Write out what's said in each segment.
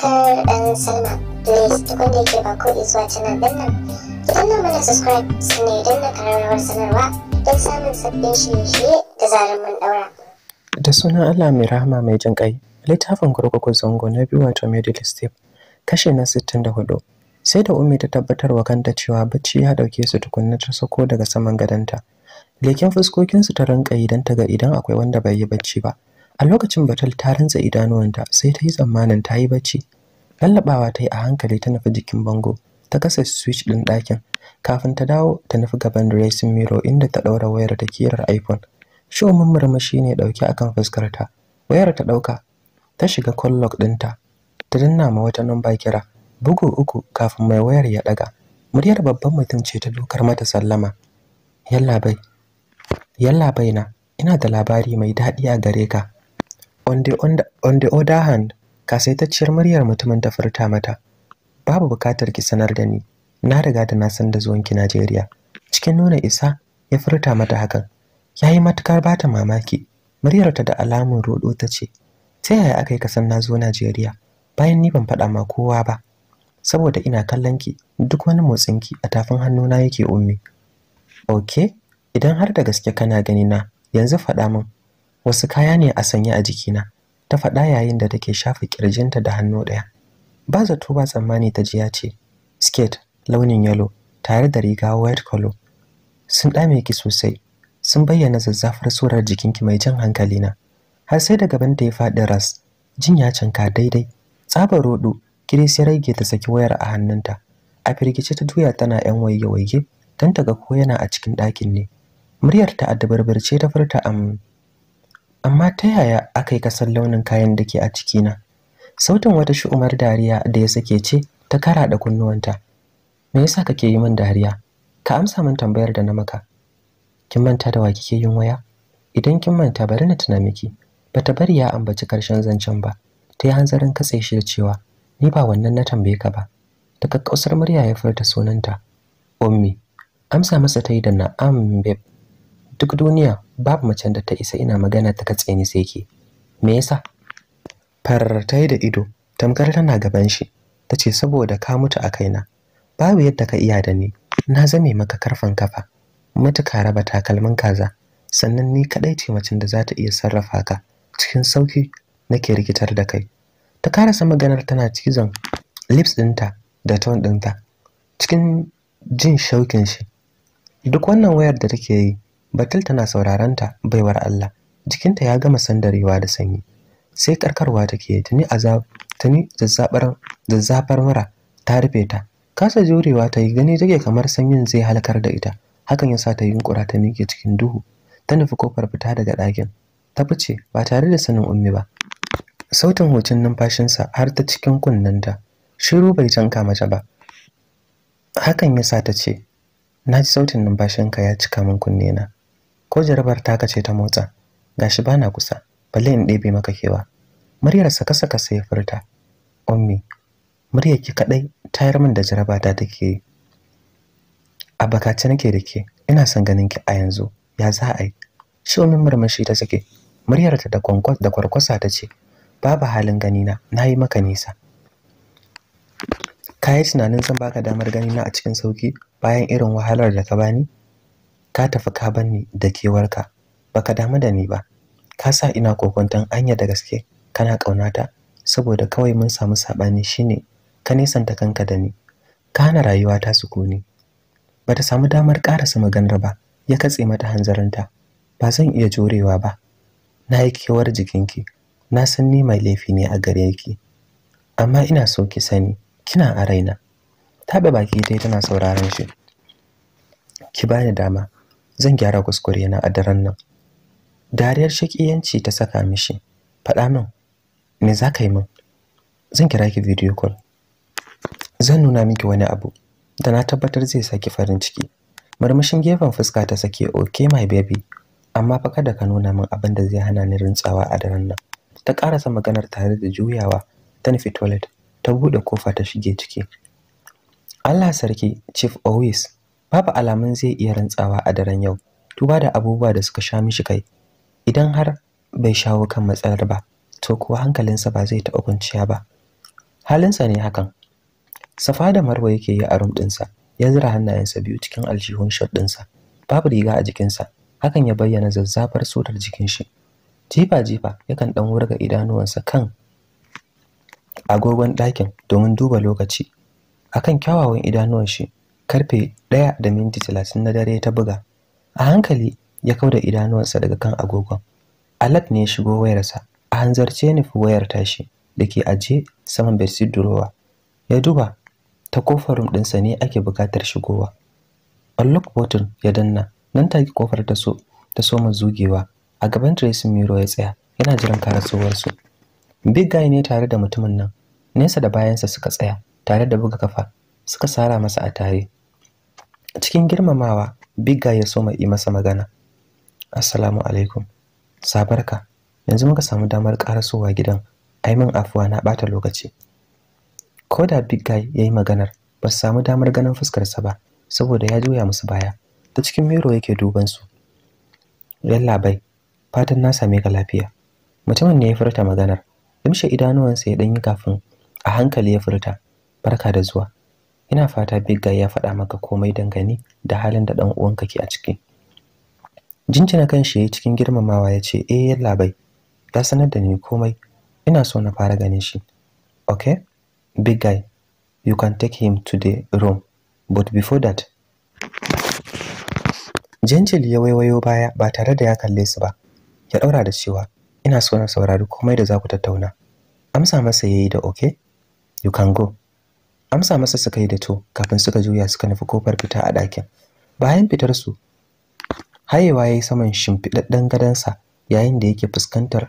subscribe and sign up. Please tukun da yake ba ko zuwa canal din nan. Ki danna mana subscribe sannan idan na karar sanarwa don samun sabbin shirye-shirye da zarar mun daura. Da sunan Allah mai rahama mai jin ƙai, littafin kurkuku zango na biyu wato middle step, kashe na 64. Sai da Ummi ta tabbatar wa kanta cewa bacci ya dauke su tukunna ta sako daga saman gadonta. Leken fuskokinsu ta rinka idan ta ga idan akwai wanda bai yi bacci ba. a lokacin Batal ta rantsa idanuwanta sai ta yi tsammanin ta yi bacci lallabawa ta yi a hankali ta nufi jikin bango ta kasa switch ɗin ɗakin kafin ta dawo ta nufi gaban dressing mirror inda ta ɗaura wayar da kirar iphone shomin murmushi ne ɗauke akan fuskarta wayar ta ɗauka ta shiga call log ɗinta ta danna ma wata namba kira bugu uku kafin mai wayar ya ɗaga muryar babban mutum ce ta dokar mata sallama yalla bai na ina da labari mai daɗi a gare ka On the other hand, kasaitacciyar muryar mutumin ta furta mata. Babu bukatar ki sanar da ni. Na riga da na san da ki Najeriya. Cikin nuna isa ya furta mata hakan. Yayi matukar bata mamaki. Muryarta da alamun rodo ta ce, "Ta yaya aka yi ka san na zo Najeriya bayan ni ban faɗa ma kowa ba?" Saboda ina kallon ki, duk wani motsin ki a tafin hannuna yake ummi. Okay, idan har da gaske kana gani na, yanzu faɗa min wasu kaya ne a sanye a jikina ta faɗa yayin da take shafa kirjinta da hannu ɗaya ba zato ba tsammani ta ji ya ce skate launin yalo tare da riga white color sun ɗame ki sosai sun bayyana zazzafar surar jikinki mai jan hankali na har sai da gaban ta ya faɗi ras jin ya canka daidai tsabar rodo kiris ya rage ta saki wayar a hannunta a firgice ta juya tana yan waige waige don ta ga ko yana a cikin ɗakin ne muryar ta a dabarbarce ta furta am amma ta yaya aka yi kasar launin kayan da ke a cikina sautin wata shu'umar dariya da ya sake ce ta kara da kunnuwanta me yasa kake yi min dariya ka amsa min tambayar da na maka kin manta da wa kike yin waya idan kin manta bari na tuna miki bata bari ya ambaci karshen zancen ba ta yi hanzarin katse shi da cewa ni ba wannan na tambaye ka ba ta kakkausar murya ya furta sunanta ummi amsa masa ta yi da na'am babe duk duniya babu macen da ta isa ina magana ta katse ni sai ke me yasa farar ta da ido tamkar tana gaban shi ta ce saboda ka mutu a kaina babu yadda ka iya da ni na zame maka karfan kafa matuka raba takalmin kaza sannan ni kadai ce macen da za ta iya sarrafa ka cikin sauki nake rikitar da kai ta karasa maganar tana cizon lips ɗinta da ton ɗinta cikin jin shaukin shi duk wannan wayar da take yi batul tana sauraron ta baiwar Allah jikinta ya gama sandarewa da sanyi sai karkarwa take tuni azab tuni zazzabar zazzafar mura ta rufe ta kasa jurewa ta yi gani take kamar sanyin zai halkar da ita hakan ya sa ta yunkura ta miƙe cikin duhu ta nufi kofar fita daga ɗakin ta fice ba tare da sanin ummi ba sautin hutun numfashinsa har ta cikin ta. shiru bai canka mace ba hakan ya sa ta ce na ji sautin numfashinka ya cika min kunnena ko jarabar taka ce ta motsa gashi bana kusa balle in ɗebe maka kewa muryar saka saka sai ya furta ummi muryar ki kadai tayar min da jaraba ta take a bakace nake da ke ina son ganin ki a yanzu ya za a yi shi ummi murmushi ta sake muryar ta da kwankwas da kwarkwasa ta ce babu halin gani na nayi maka nisa kai tunanin zan baka damar gani na a cikin sauki bayan irin wahalar da ka bani ka tafi ka bani da kewarka baka damu da ni ba ka sa ina kokontan anya da gaske kana ƙaunata saboda kawai mun samu saɓani shine ka nisanta kanka da ni ka hana rayuwa ta sukuni bata samu damar karasa maganar ba ya katse mata hanzarinta ba zan iya jurewa ba na yi kewar jikinki na san ni mai laifi ne a gare ki amma ina so ki sani kina a raina taɓa baki dai tana sauraron shi ki bani dama zan gyara kuskure na a daren nan dariyar shakiyanci ta saka mishi faɗa min me za ka yi min zan kira ki video call zan nuna miki wani abu da na tabbatar zai saki farin ciki Marmashin gefen fuska ta sake ok my baby amma fa kada ka nuna min abin da zai hana ni rintsawa a daren nan ta karasa maganar tare da juyawa ta nufi toilet ta buɗe kofa ta shige ciki Allah sarki Chief always. babu alamun zai iya rantsawa a daren yau tuba da abubuwa da suka sha mishi kai idan har bai shawo kan matsalar ba to kuwa hankalinsa ba zai taɓa kwanciya ba halinsa ne hakan safa da marwa yake yi a rum ɗinsa ya zira hannayensa biyu cikin aljihun shot ɗinsa babu riga a jikinsa hakan ya bayyana zazzafar sodar jikin shi jifa jifa yakan ɗan wurga idanuwansa kan agogon ɗakin domin duba lokaci akan kyawawan idanuwan shi karfe ɗaya da minti talatin na dare ta buga a hankali ya kauda idanuwansa daga kan agogon alat ne ya shigo wayarsa a hanzarce ne nufi wayar tashi da ke aje saman bedsheet durowa ya duba ta kofar rum ɗinsa ne ake bukatar shigowa unlock button ya danna nan take kofar ta so ta soma zugewa a gaban dressing mirror ya tsaya yana jiran karasowarsu big guy ne tare da mutumin nan nesa da bayansa suka tsaya tare da buga kafa suka sara masa a tare cikin girmamawa bigga ya so soma yi masa magana assalamu alaikum sabarka yanzu muka samu damar karasowa gidan ai min afuwa na bata lokaci ko da bigga guy ya yi maganar ba su samu damar ganin fuskarsa ba saboda ya juya musu baya ta cikin miro yake duban su yalla fatan na same ka lafiya mutumin ne ya furta maganar limshe idanuwansa ya danyi kafin a hankali ya furta barka da zuwa Ina fata Big Guy ya faɗa maka komai dangane da halin da ɗan uwanka ke a ciki. Jinjina kan shi cikin girmamawa ya ce, "Eh, yalla bai, ya sanar da ni komai. Ina so na fara ganin shi." Okay? Big Guy, you can take him to the room. But before that, Jinjil ya waiwayo baya ba tare da ya kalle su ba. Ya ɗaura da cewa, "Ina so na saurari komai da za ku tattauna." Amsa masa yayi da okay? You can go. amsa masa suka yi da to kafin suka juya suka nufi kofar fita a ɗakin bayan fitar su hayewa ya yi saman shimfiɗaɗɗen gadonsa yayin da yake fuskantar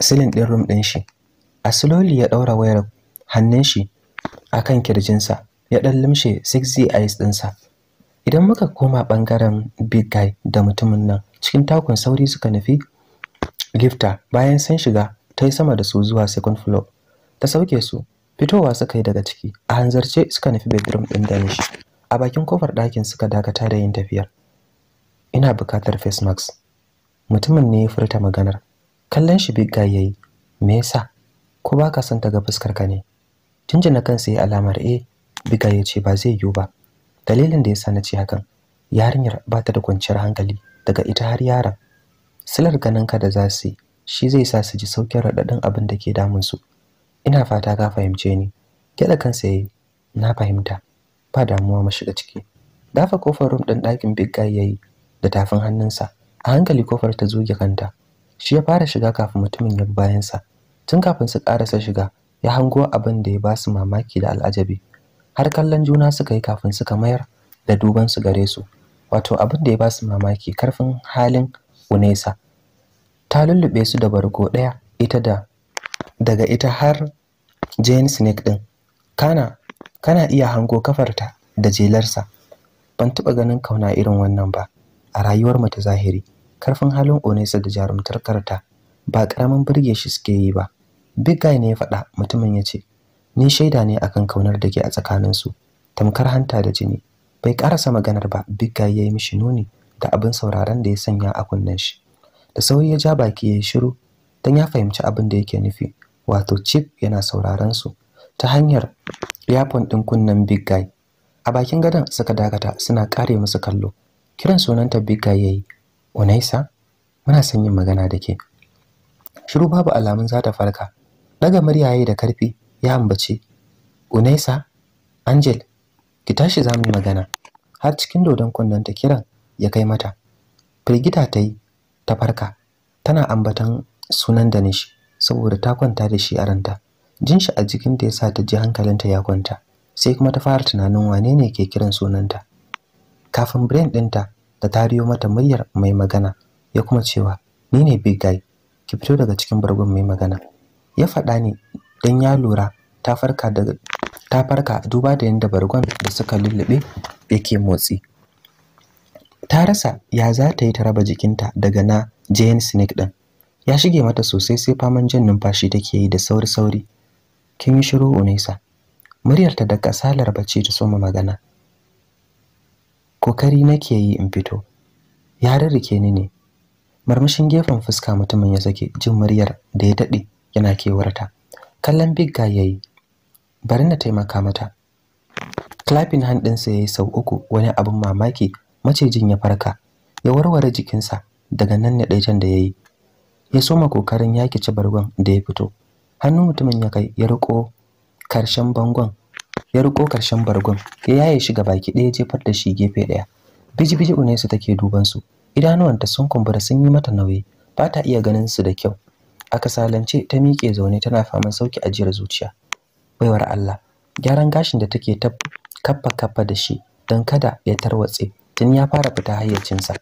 silin ɗin rum ɗin shi a siloli ya ɗaura wayar hannun shi a kan kirjinsa ya ɗan limshe 6 zis ɗinsa idan muka koma ɓangaren big guy da mutumin nan cikin takun sauri suka nufi Gifta, bayan sun shiga ta yi sama da su zuwa second floor ta sauke su fitowa suka yi daga ciki a hanzarce suka nufi bedroom ɗin danish a bakin kofar ɗakin suka dakata da yin tafiyar ina buƙatar face mask mutumin ne ya furta maganar kallon shi big guy yayi me yasa ko ba ka son ta ga fuskar ka ne tunjina kansa yayi alamar eh big guy ya ce ba zai yiwu ba dalilin da yasa na ce hakan yarinyar ba ta da kwanciyar hankali daga ita har yaran silar ganin ka da za su yi shi zai sa su ji saukin raɗaɗin abin da ke damun su ina fata ka fahimce ni gyaɗa kansa yayi na fahimta ba damuwa mu shiga ciki dafa kofar room ɗin ɗakin big guy yayi da tafin hannunsa a hankali kofar ta zuge kanta shi ya fara shiga kafin mutumin ya bi bayansa tun kafin su ƙarasa shiga ya hango abin da ya ba su mamaki da al'ajabi har kallon juna suka yi kafin suka mayar da duban su gare su wato abin da ya ba su mamaki karfin halin unesa ta lullube su da barko ɗaya ita da daga ita har jane snake din kana kana iya hango kafarta da jelarsa ban taɓa ganin kauna irin wannan ba a rayuwar mu ta zahiri karfin halin onesa da jarumtar karta ba karamin burge shi suke yi ba big guy ne ya faɗa mutumin ya ce ni shaida ne akan kaunar da ke a tsakaninsu tamkar hanta da jini bai karasa maganar ba big guy ya yi mishi nuni da abin sauraron da ya sanya a kunnen shi da sauyi ya ja baki ya yi shiru don ya fahimci abin da yake nufi wato chip yana sauraron su ta hanyar yafon ɗin kunnen big guy a bakin gadon suka dakata suna kare musu kallo kiran sunanta big guy yayi unaisa muna son yin magana da ke shiru babu alamun zata farka daga muryaye da karfi ya ambace unaisa angel ki tashi za mu magana har cikin dodon kunnenta kiran ya kai mata firgita ta yi ta farka tana ambatan sunan da shi. saboda ta kwanta da shi a ranta jin shi a jikinta ya sa ta ji hankalinta ya kwanta sai kuma ta fara tunanin wane ne ke kiran sunanta kafin brain ɗinta da tariyo mata muryar mai magana ya kuma cewa ni ne big guy ki fito daga cikin bargon mai magana ya faɗa ne don ya lura ta farka daga ta farka duba da yadda bargon da suka lullube yake motsi ta rasa ya za ta yi ta raba jikinta daga na Jane Snake din ya shige mata sosai sai faman jin numfashi take yi da sauri sauri kin yi shiru unaisa muryarta da kasalar bace ta soma magana kokari nake yi in fito ya rarrike ni ne marmashin gefen fuska mutumin ya sake jin muryar da ya dade yana kewarta kallon big guy yayi bari na taimaka mata clapping hand ɗinsa ya yi sau uku wani abin mamaki macijin ya farka ya warware jikinsa daga nan da can da ya yi ya soma kokarin yaki ci bargon da ya fito hannun mutumin ya kai ya riko karshen bangon ya riko karshen bargon ya yaye shi baki ɗaya jefar da shi gefe ɗaya biji-biji unesa take duban su idanuwanta sun kumbura sun yi mata nauyi ba ta iya ganin su da kyau a kasalance ta miƙe zaune tana faman sauki ajiyar zuciya baiwar Allah gyaran gashin da take ta kappa kappa da shi don kada ya tarwatse tun ya fara fita hayyacinsa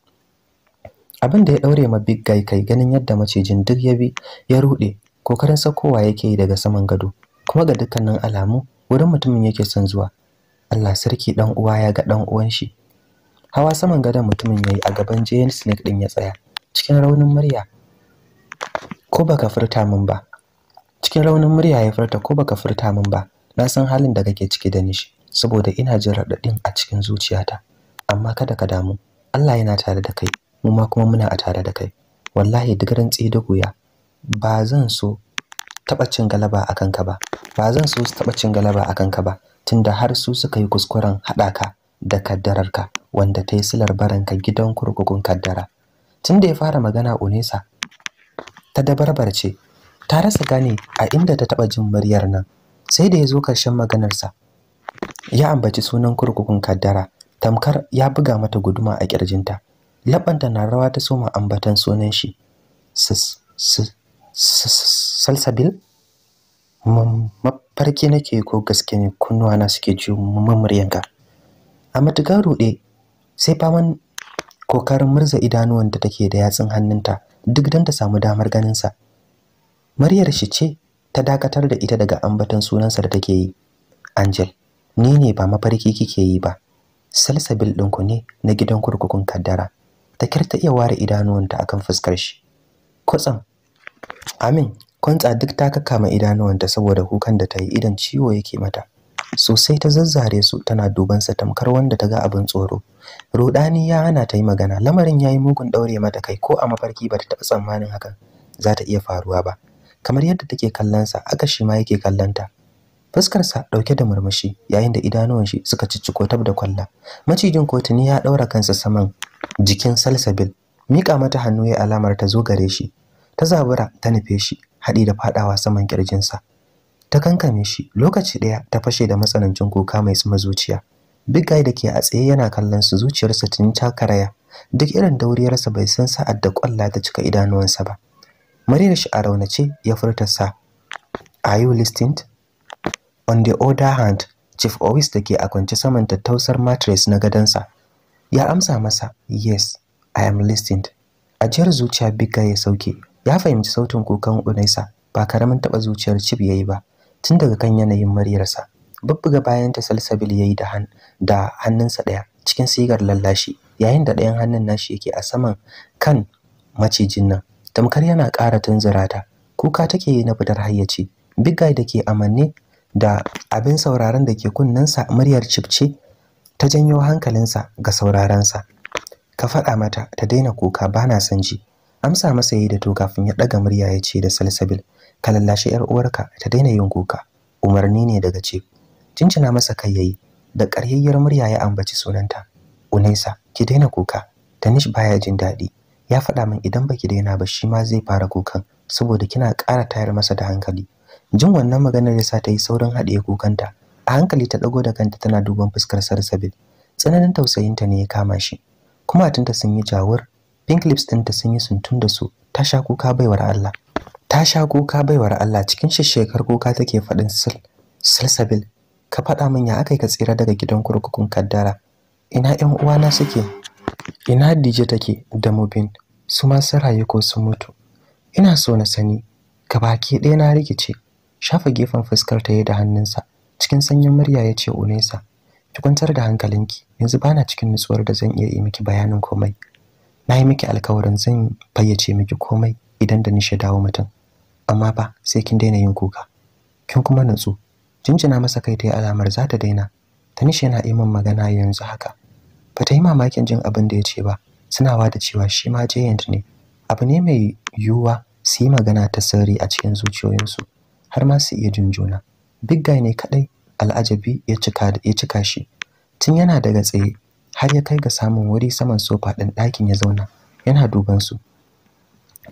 abin da ya daure ma big guy kai ganin yadda macijin duk ya bi ya rude kokarin sakowa yake yi daga saman gado kuma ga dukkanin alamu wurin mutumin yake son zuwa Allah sarki dan uwa ya ga dan uwan shi hawa saman gadon mutumin yayi a gaban Jane Snake din ya tsaya cikin raunin murya ko baka furta min ba cikin raunin murya ya furta ko baka furta min ba na san halin da kake ciki da nishi saboda ina jin raɗaɗin a cikin zuciyata amma kada ka damu Allah yana tare da kai mu ma kuma muna a tare da kai wallahi duk rantsi da guya ba zan so taba cin galaba akan ka ba ba zan so su taba cin galaba akan ka ba tunda har su suka yi kuskuren haɗa ka da kaddararka wanda ta yi silar baranka gidan kurkukun kaddara tunda ya fara magana unesa ta dabarbarce ta rasa gane a inda ta taɓa jin muryar nan sai da ya zo karshen maganarsa ya ambaci sunan kurkukun kaddara tamkar ya buga mata guduma a ƙirjinta. labanta na rawa ta soma ambatan sunan shi salsabil mafarki nake ko gaske ne kunnuwa na suke ji mamuryanka a matuƙar ruɗe sai faman kokarin murza da take da yatsun hannunta duk don ta samu damar ganinsa muryar shi ce ta dakatar da ita daga ambatan sunansa da take yi angel ni ne ba mafarki kike yi ba salsabil ɗinku ne na gidan kurkukun kaddara Ta kyar ta iya ware idanuwanta akan fuskar shi Kutsan. amin kwantsa duk ta mai idanuwanta saboda kukan da ta yi idan ciwo yake mata sosai ta zazzare su tana duban sa tamkar wanda ta ga abin tsoro rudani ya hana ta yi magana lamarin yayi mugun daure mata kai ko a mafarki ba ta taɓa tsammanin hakan za ta iya faruwa ba kamar yadda take kallon sa aka shi ma yake kallon ta fuskar sa dauke da murmushi yayin da idanuwan shi suka cicciko tab da kwalla macijin kotuni ya daura kansa saman jikin salsabil miƙa mata hannu ya alamar ta zo gare shi ta zabura ta nufe shi haɗi da faɗawa saman ƙirjinsa ta kankame shi lokaci ɗaya ta fashe da matsanancin kuka mai tsuma zuciya big guy da ke a tsaye yana kallon su zuciyarsa tun ta karaya duk irin dauriyarsa bai san sa'ad da ƙwalla ta cika idanuwansa ba muryar shi a raunace ya furta sa are you listening on the other hand chief always da ke a kwance saman tattausar mattress na gadansa ya amsa masa yes i am listened ajiyar zuciya bigga ya sauke ya fahimci sautin kukan unaisa ba karamin taba zuciyar chip yayi ba tun daga kan yanayin maryarsa bubbuga bayan ta salsabil yayi da han da hannunsa daya cikin sigar lallashi yayin da ɗayan hannun nashi yake a saman kan macijin nan tamkar yana ƙara tunzura ta kuka take yi na fitar hayyaci big guy da ke amanne da abin sauraron da ke kunnansa muryar ce. ta janyo hankalinsa ga saurarensa ka faɗa mata ta daina kuka na son ji amsa masa yayi da to kafin ya ɗaga murya ya ce da salsabil ka lallashi yar uwarka ta daina yin kuka umarni ne daga ce cincina masa kai yayi da ƙaryayyar murya ya ambaci sunanta unaisa ki daina kuka tanish baya jin daɗi ya faɗa min idan baki daina ba shi ma zai fara kukan saboda kina ƙara tayar masa da hankali jin wannan maganar ya sa ta yi saurin haɗiye kukanta a hankali ta ɗago da kanta tana duban fuskar sarsabil tsananin tausayinta ne ya kama shi kuma tunta sun yi jawur pink lips ɗinta sun yi suntun da su ta sha kuka baiwar Allah ta sha kuka baiwar Allah cikin shekar kuka take faɗin sil salsabil ka faɗa min ya aka ka tsira daga gidan kurkukun kaddara ina ƴan uwana suke ina Hadije take da Mubin su ma sun rayu ko sun mutu ina so na sani gabaki ɗaya na rikice shafa gefen fuskar ta yi da hannunsa cikin sanyin murya ya ce Unesa ki kwantar da hankalinki yanzu bana cikin nutsuwar da zan iya yi miki bayanin komai na yi miki alkawarin zan fayyace miki komai idan da nishe dawo mutum amma ba sai kin daina yin kuka kin kuma nutsu jinjina masa kai ta yi alamar za ta daina ta nishe na iman magana yanzu haka ba ta yi mamakin jin abin da ya ce ba suna da cewa shi ma jayant ne abu ne mai yiwuwa su yi magana ta sirri a cikin zuciyoyinsu har ma su iya jin juna Bigga ne kaɗai. al'ajabi ya cika ya cika shi tun yana daga tsaye har ya kai ga samun wuri saman sofa ɗin ɗakin ya zauna yana duban su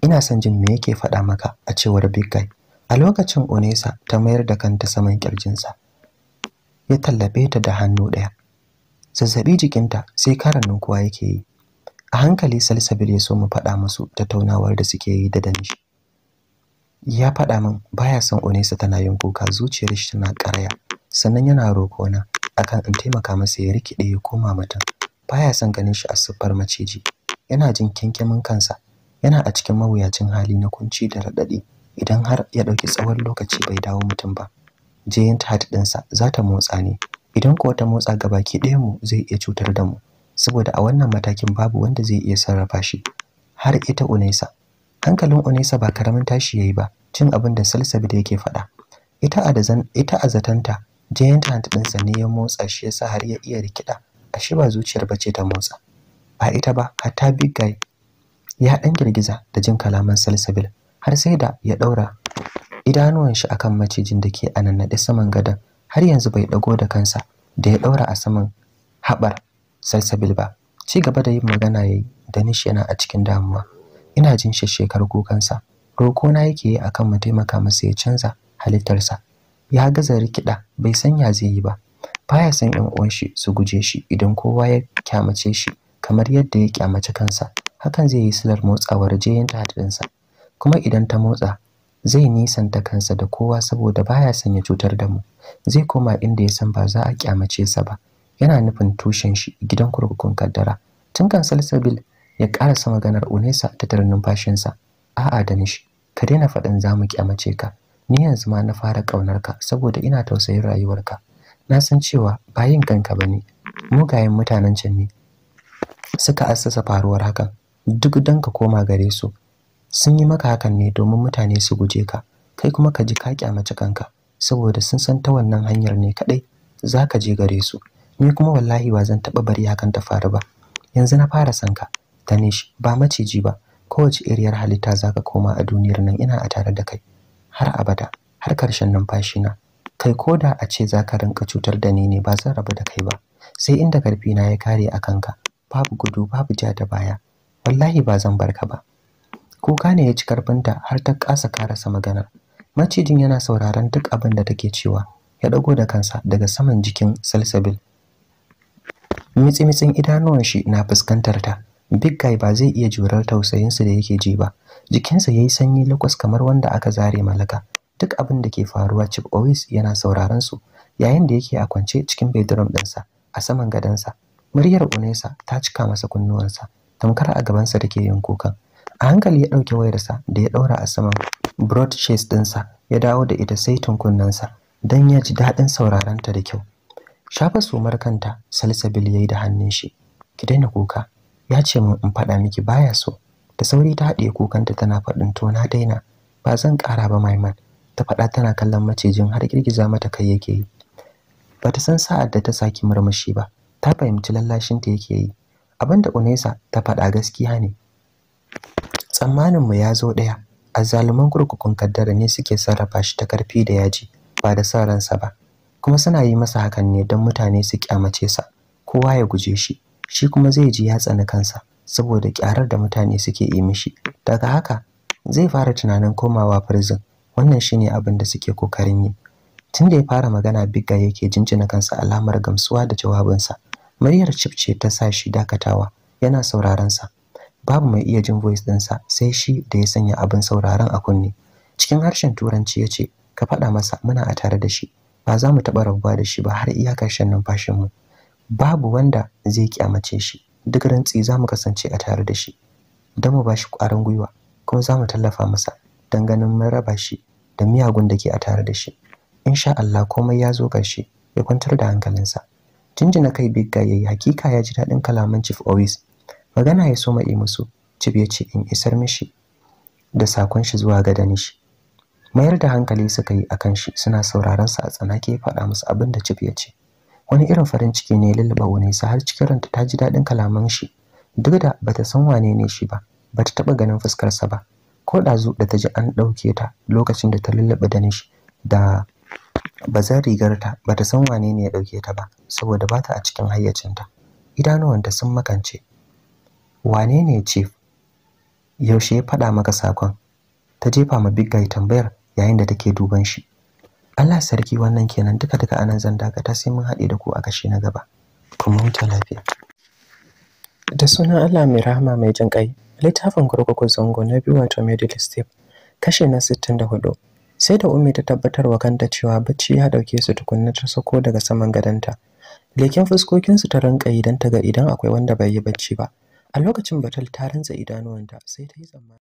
ina son jin me yake faɗa maka a cewar big guy a lokacin onesa ta mayar da kanta saman kirjinsa ya tallabe ta da hannu ɗaya Zazzaɓi jikinta sai karan kuwa yake yi a hankali salsabil ya so mu faɗa musu tattaunawar da suke yi da danshi ya faɗa min baya son Onesa tana yin kuka zuciyar shi tana ƙaraya sannan yana roƙo na akan in taimaka masa ya rikide ya koma mutum baya son ganin shi a siffar maciji yana jin kyankyamin kansa yana a cikin mawuyacin hali na kunci da raɗaɗi idan har ya ɗauki tsawon lokaci bai dawo mutum ba giant heart ɗinsa za ta motsa ne idan kuwa ta motsa ga baki ɗaya mu zai iya cutar da mu saboda a wannan matakin babu wanda zai iya sarrafa shi har ita Unaisa hankalin Onesa ba karamin tashi yayi ba cin abin da Salsabil yake faɗa ita a dazan ita a zatanta giant hand ɗinsa ne ya motsa shi yasa har ya iya rikida shi ba zuciyar bace ta motsa ba ita ba hatta big guy ya dan girgiza da jin kalaman Salsabil har sai da ya daura idanuwan shi akan macijin da ke anannade saman gadan har yanzu bai dago da kansa da ya daura a saman habar Salsabil ba ci gaba da yin magana yayi Danish yana a cikin damuwa ina jin shekar kukansa roko na yake yi akan mu taimaka masa ya canza halittarsa ya gaza rikida bai san ya zai yi ba baya san ɗan uwan shi su guje shi idan kowa ya kyamace shi kamar yadda ya kyamace kansa hakan zai yi silar motsawar jeyin hadinsa kuma idan ta motsa zai nisanta kansa da kowa saboda baya san ya cutar da mu zai koma inda ya san ba za a kyamace sa ba yana nufin tushen shi gidan kurkukun kaddara tun kan salsabil ya karasa maganar unesa ta tarin numfashinsa a'a danish ka daina faɗin zamu kyamace ka ni yanzu ma na fara ƙaunar ka saboda ina tausayin rayuwarka na san cewa ba yin kanka bane mugayen mutanen can ne suka assasa faruwar hakan duk don ka koma gare su sun yi maka hakan ne domin mutane su guje ka kai kuma ka ji ka kyamace kanka saboda sun san ta wannan hanyar ne kadai za ka je gare su ni kuma wallahi ba zan taɓa bari hakan ta faru ba yanzu na fara sanka shi ba maciji ba kowace iriyar halitta zaka koma a duniyar nan ina a tare da kai har abada har karshen numfashi na kai koda a ce zaka rinka cutar da ni ne ba zan rabu da kai ba sai inda karfi na ya kare a kanka babu gudu babu ja da baya wallahi ba zan bar ka ba kuka ne ya ci karfinta har ta kasa karasa maganar macijin yana sauraron duk abin da take cewa ya dago da kansa daga saman jikin salsabil mitsi-mitsin idanuwan shi na fuskantar ta big guy ba zai iya jurar tausayinsu da yake ji ba jikinsa ya yi sanyi lakwas kamar wanda aka zare malaka duk abin da ke faruwa Chip Owis yana sauraron su yayin da yake a kwance cikin bedroom ɗinsa a saman gadonsa. Muryar Unesa ta cika masa kunnuwansa tamkar a gabansa da ke yin kukan. A hankali ya ɗauki wayarsa da ya ɗaura a saman broad chest ɗinsa ya dawo da ita sai tunkunnansa don ya ji daɗin sauraron ta da kyau. Shafa sumar kanta Salsabil ya yi da hannun shi. Ki daina kuka, ya ce min in faɗa miki baya so da sauri ta haɗe kukanta tana faɗin to na daina ba zan ƙara ba maiman ta faɗa tana kallon macijin har girgiza mata kai yake yi Ba ta san sa'ad da ta saki murmushi ba ta fahimci lallashin ta yake yi abin da Unesa ta faɗa gaskiya ne tsammanin mu ya zo ɗaya azzaluman kurkukun kaddara ne suke sarrafa shi ta karfi da yaji ba da sa ransa ba kuma suna yi masa hakan ne don mutane su kyamace sa kowa ya guje shi shi kuma zai ji ya tsani kansa saboda kyarar da mutane suke yi mishi daga haka zai fara tunanin komawa prison wannan shine abin da suke kokarin yi tun da ya fara magana bigga yake jinjina kansa alamar gamsuwa da jawabinsa muryar chip ce ta sa shi dakatawa yana sauraron sa babu mai iya jin voice ɗinsa sai shi da ya sanya abin sauraron a kunne cikin harshen turanci ya ce ka faɗa masa muna a tare da shi ba za mu taɓa rabuwa da shi ba har iya shan numfashinmu babu wanda zai kyamace shi duk rantsi za mu kasance a tare da shi don mu ba shi ƙwarin gwiwa kuma za mu tallafa masa don ganin mun raba shi da miyagun da ke a tare da shi insha Allah komai ya zo ƙarshe ya kwantar da hankalinsa jinjina kai big guy yayi hakika ya ji daɗin kalaman chief always magana ya so mai musu chief ya ce in isar mishi da sakon shi zuwa ga danishi mayar da hankali suka yi akan shi suna sauraron sa a tsanake faɗa musu abin da chief ya ce wani irin farin ciki ne lullaba wani sa har cikin ranta ta ji daɗin kalaman shi duk da bata san wane ne shi ba bata taɓa ganin fuskarsa ba ko ɗazu da ta ji an ɗauke ta lokacin da ta lullaba nishi da bazan rigarta bata san wane ne ya ɗauke ta ba saboda bata a cikin hayyacinta idanuwanta sun makance wane ne chief yaushe ya faɗa maka sakon ta jefa ma big guy tambayar yayin da take duban shi Allah sarki wannan kenan duka duka anan zan dakata sai mun haɗe da ku a kashi na gaba kuma huta lafiya da sunan Allah mai rahama mai jin kai littafin kurkuku zango na biyu wato middle step kashe na 64 sai da ummi ta tabbatar wa kanta cewa bacci ya dauke su tukunna ta sako daga saman gadanta leken fuskokin su ta ranka idan ta ga idan akwai wanda bai yi bacci ba a lokacin batal ta rantsa idanuwanta sai ta yi tsammani